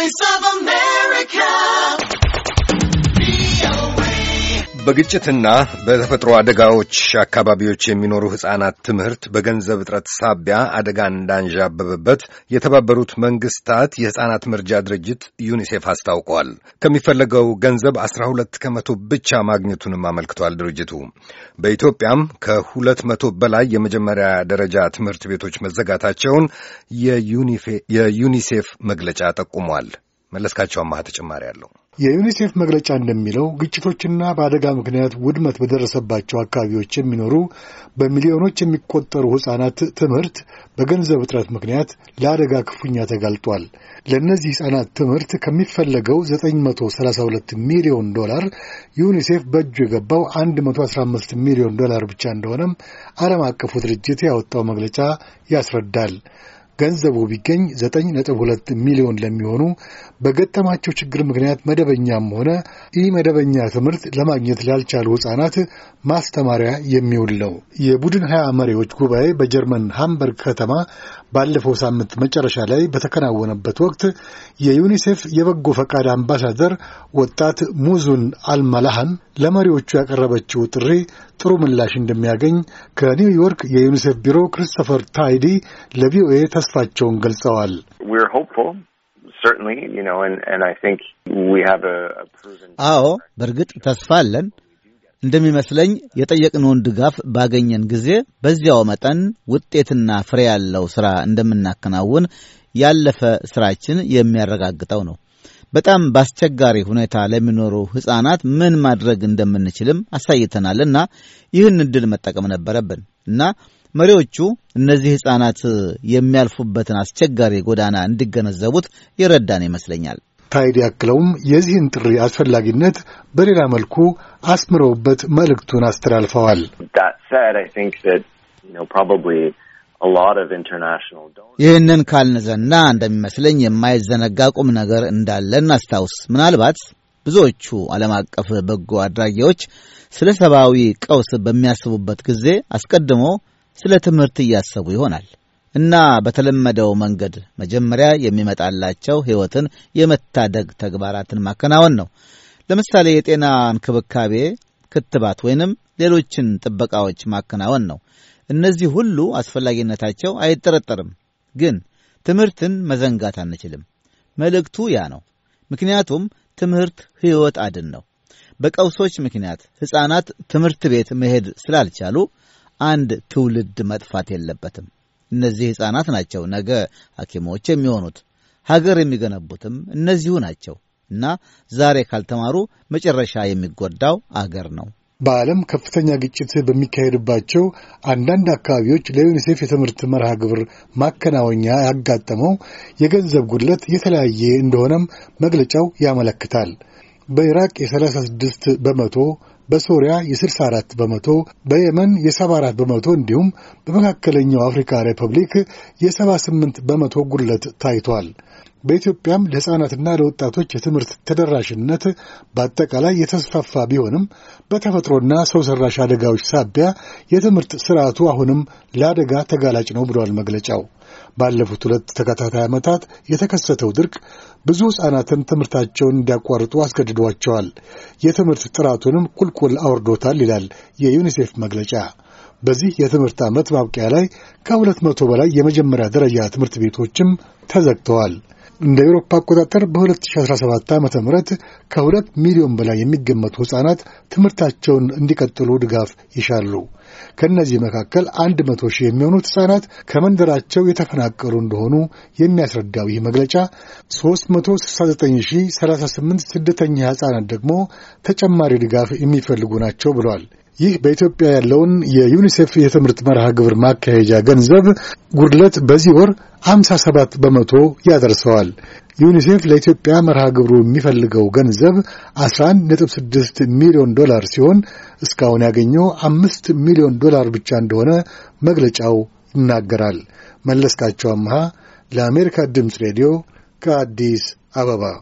Voice of America. በግጭትና በተፈጥሮ አደጋዎች አካባቢዎች የሚኖሩ ሕፃናት ትምህርት በገንዘብ እጥረት ሳቢያ አደጋ እንዳንዣበበበት የተባበሩት መንግስታት የሕፃናት መርጃ ድርጅት ዩኒሴፍ አስታውቋል። ከሚፈለገው ገንዘብ 12 ከመቶ ብቻ ማግኘቱንም አመልክቷል። ድርጅቱ በኢትዮጵያም ከሁለት መቶ በላይ የመጀመሪያ ደረጃ ትምህርት ቤቶች መዘጋታቸውን የዩኒሴፍ መግለጫ ጠቁሟል። መለስካቸው አማሃ ተጨማሪ አለው። የዩኒሴፍ መግለጫ እንደሚለው ግጭቶችና በአደጋ ምክንያት ውድመት በደረሰባቸው አካባቢዎች የሚኖሩ በሚሊዮኖች የሚቆጠሩ ሕፃናት ትምህርት በገንዘብ እጥረት ምክንያት ለአደጋ ክፉኛ ተጋልጧል። ለእነዚህ ሕፃናት ትምህርት ከሚፈለገው 932 ሚሊዮን ዶላር ዩኒሴፍ በእጁ የገባው 115 ሚሊዮን ዶላር ብቻ እንደሆነም ዓለም አቀፉ ድርጅት ያወጣው መግለጫ ያስረዳል። ገንዘቡ ቢገኝ 9.2 ሚሊዮን ለሚሆኑ በገጠማቸው ችግር ምክንያት መደበኛም ሆነ ኢ መደበኛ ትምህርት ለማግኘት ላልቻሉ ሕፃናት ማስተማሪያ የሚውል ነው። የቡድን ሀያ መሪዎች ጉባኤ በጀርመን ሃምበርግ ከተማ ባለፈው ሳምንት መጨረሻ ላይ በተከናወነበት ወቅት የዩኒሴፍ የበጎ ፈቃድ አምባሳደር ወጣት ሙዙን አልመላህን ለመሪዎቹ ያቀረበችው ጥሪ ጥሩ ምላሽ እንደሚያገኝ ከኒውዮርክ የዩኒሴፍ ቢሮ ክሪስቶፈር ታይዲ ለቪኦኤ ተስ ተስፋቸውን ገልጸዋል። አዎ በእርግጥ ተስፋ አለን። እንደሚመስለኝ የጠየቅነውን ድጋፍ ባገኘን ጊዜ በዚያው መጠን ውጤትና ፍሬ ያለው ሥራ እንደምናከናውን ያለፈ ሥራችን የሚያረጋግጠው ነው። በጣም በአስቸጋሪ ሁኔታ ለሚኖሩ ሕፃናት ምን ማድረግ እንደምንችልም አሳይተናልና ይህን ዕድል መጠቀም ነበረብን እና መሪዎቹ እነዚህ ሕፃናት የሚያልፉበትን አስቸጋሪ ጎዳና እንዲገነዘቡት የረዳን ይመስለኛል። ታይድ ያክለውም የዚህን ጥሪ አስፈላጊነት በሌላ መልኩ አስምረውበት መልእክቱን አስተላልፈዋል። ይህንን ካልንዘና እንደሚመስለኝ የማይዘነጋ ቁም ነገር እንዳለን አስታውስ ምናልባት ብዙዎቹ ዓለም አቀፍ በጎ አድራጊዎች ስለ ሰብአዊ ቀውስ በሚያስቡበት ጊዜ አስቀድሞ ስለ ትምህርት እያሰቡ ይሆናል እና በተለመደው መንገድ መጀመሪያ የሚመጣላቸው ሕይወትን የመታደግ ተግባራትን ማከናወን ነው። ለምሳሌ የጤና እንክብካቤ፣ ክትባት ወይንም ሌሎችን ጥበቃዎች ማከናወን ነው። እነዚህ ሁሉ አስፈላጊነታቸው አይጠረጠርም። ግን ትምህርትን መዘንጋት አንችልም። መልእክቱ ያ ነው። ምክንያቱም ትምህርት ሕይወት አድን ነው። በቀውሶች ምክንያት ሕፃናት ትምህርት ቤት መሄድ ስላልቻሉ አንድ ትውልድ መጥፋት የለበትም። እነዚህ ሕፃናት ናቸው ነገ ሐኪሞች የሚሆኑት፣ ሀገር የሚገነቡትም እነዚሁ ናቸው እና ዛሬ ካልተማሩ መጨረሻ የሚጎዳው አገር ነው። በዓለም ከፍተኛ ግጭት በሚካሄድባቸው አንዳንድ አካባቢዎች ለዩኒሴፍ የትምህርት መርሃ ግብር ማከናወኛ ያጋጠመው የገንዘብ ጉድለት የተለያየ እንደሆነም መግለጫው ያመለክታል። በኢራቅ የ36 በመቶ በሶሪያ የ64 በመቶ በየመን የ74 በመቶ እንዲሁም በመካከለኛው አፍሪካ ሪፐብሊክ የ78 በመቶ ጉድለት ታይቷል። በኢትዮጵያም ለሕፃናትና ለወጣቶች የትምህርት ተደራሽነት በአጠቃላይ የተስፋፋ ቢሆንም በተፈጥሮና ሰው ሰራሽ አደጋዎች ሳቢያ የትምህርት ስርዓቱ አሁንም ለአደጋ ተጋላጭ ነው ብሏል መግለጫው። ባለፉት ሁለት ተከታታይ ዓመታት የተከሰተው ድርቅ ብዙ ሕፃናትን ትምህርታቸውን እንዲያቋርጡ አስገድዷቸዋል፣ የትምህርት ጥራቱንም ቁልቁል አውርዶታል ይላል የዩኒሴፍ መግለጫ። በዚህ የትምህርት ዓመት ማብቂያ ላይ ከሁለት መቶ በላይ የመጀመሪያ ደረጃ ትምህርት ቤቶችም ተዘግተዋል። እንደ ኤውሮፓ አቆጣጠር በ2017 ዓ ም ከሁለት ሚሊዮን በላይ የሚገመቱ ሕፃናት ትምህርታቸውን እንዲቀጥሉ ድጋፍ ይሻሉ። ከእነዚህ መካከል አንድ መቶ ሺህ የሚሆኑት ሕፃናት ከመንደራቸው የተፈናቀሉ እንደሆኑ የሚያስረዳው ይህ መግለጫ 369038 ስደተኛ ሕፃናት ደግሞ ተጨማሪ ድጋፍ የሚፈልጉ ናቸው ብሏል። ይህ በኢትዮጵያ ያለውን የዩኒሴፍ የትምህርት መርሃ ግብር ማካሄጃ ገንዘብ ጉድለት በዚህ ወር 57 በመቶ ያደርሰዋል። ዩኒሴፍ ለኢትዮጵያ መርሃ ግብሩ የሚፈልገው ገንዘብ 11.6 ሚሊዮን ዶላር ሲሆን እስካሁን ያገኘው 5 ሚሊዮን ዶላር ብቻ እንደሆነ መግለጫው ይናገራል። መለስካቸው አምሃ ለአሜሪካ ድምፅ ሬዲዮ ከአዲስ አበባ